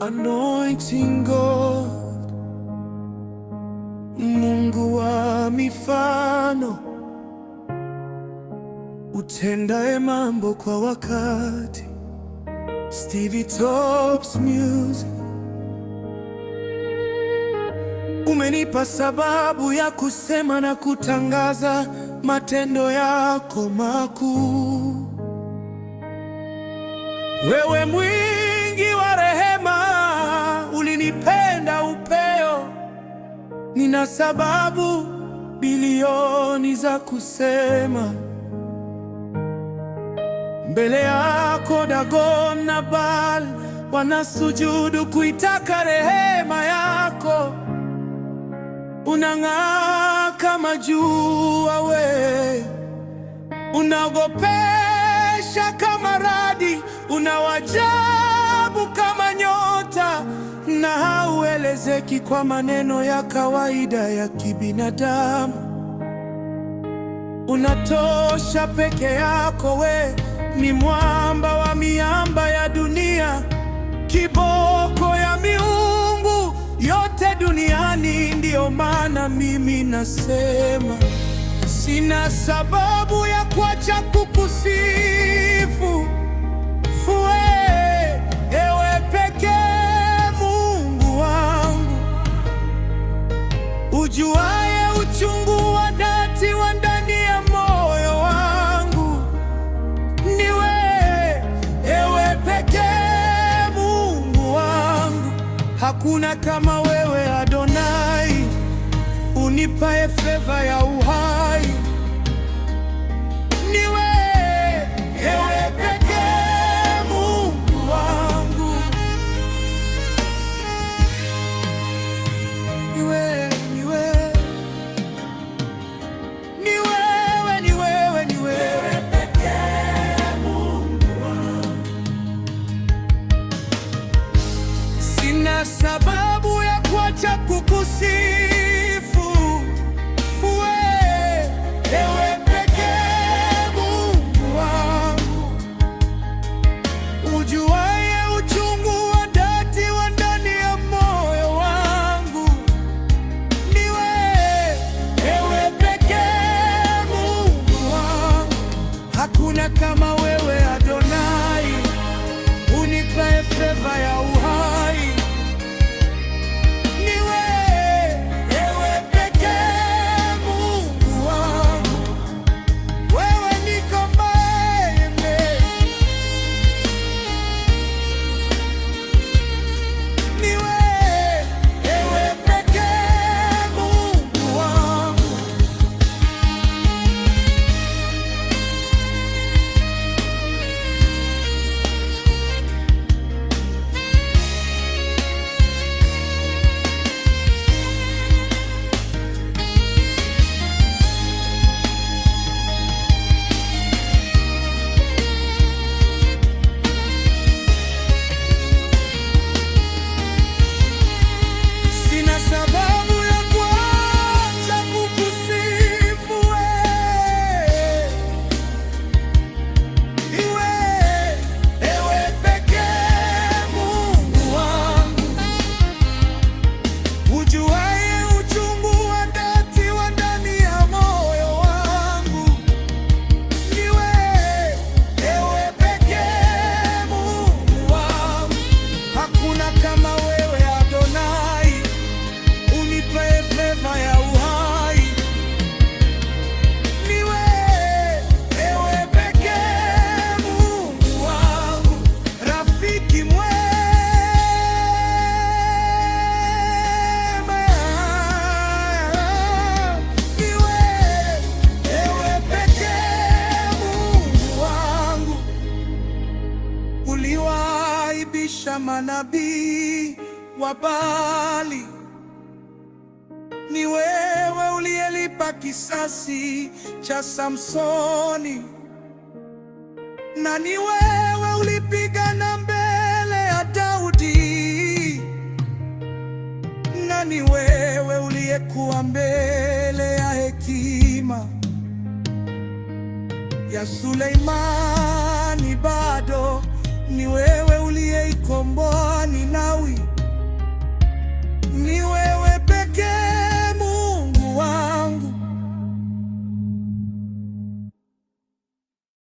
Anointing God, Mungu wa mifano, utendaye mambo kwa wakati. Stevie Tops Music, umenipa sababu ya kusema na kutangaza matendo yako makuu wewe Nina sababu bilioni za kusema mbele yako. Dagon na Baal wanasujudu kuitaka rehema yako. Unang'aa kama jua, we unaogopesha kama radi, unawajabu kama nyota na haielezeki kwa maneno ya kawaida ya kibinadamu. Unatosha peke yako, we ni mwamba wa miamba ya dunia, kiboko ya miungu yote duniani. Ndiyo maana mimi nasema sina sababu ya kuacha kukusifu fue ewe Hakuna kama wewe Adonai, unipae feva ya uhai cha kukusifu ewe pekee Mungu wangu, ujuaye uchungu wa dhati wa ndani ya moyo wangu, ni ewe pekee Mungu wangu. Hakuna kama wewe Adonai, unipae feva ya manabii wa Baali. Ni wewe uliyelipa kisasi cha Samsoni, na ni wewe ulipigana mbele ya Daudi, na ni wewe uliyekuwa mbele ya hekima ya Suleimani bado ni wewe uliyeikomboa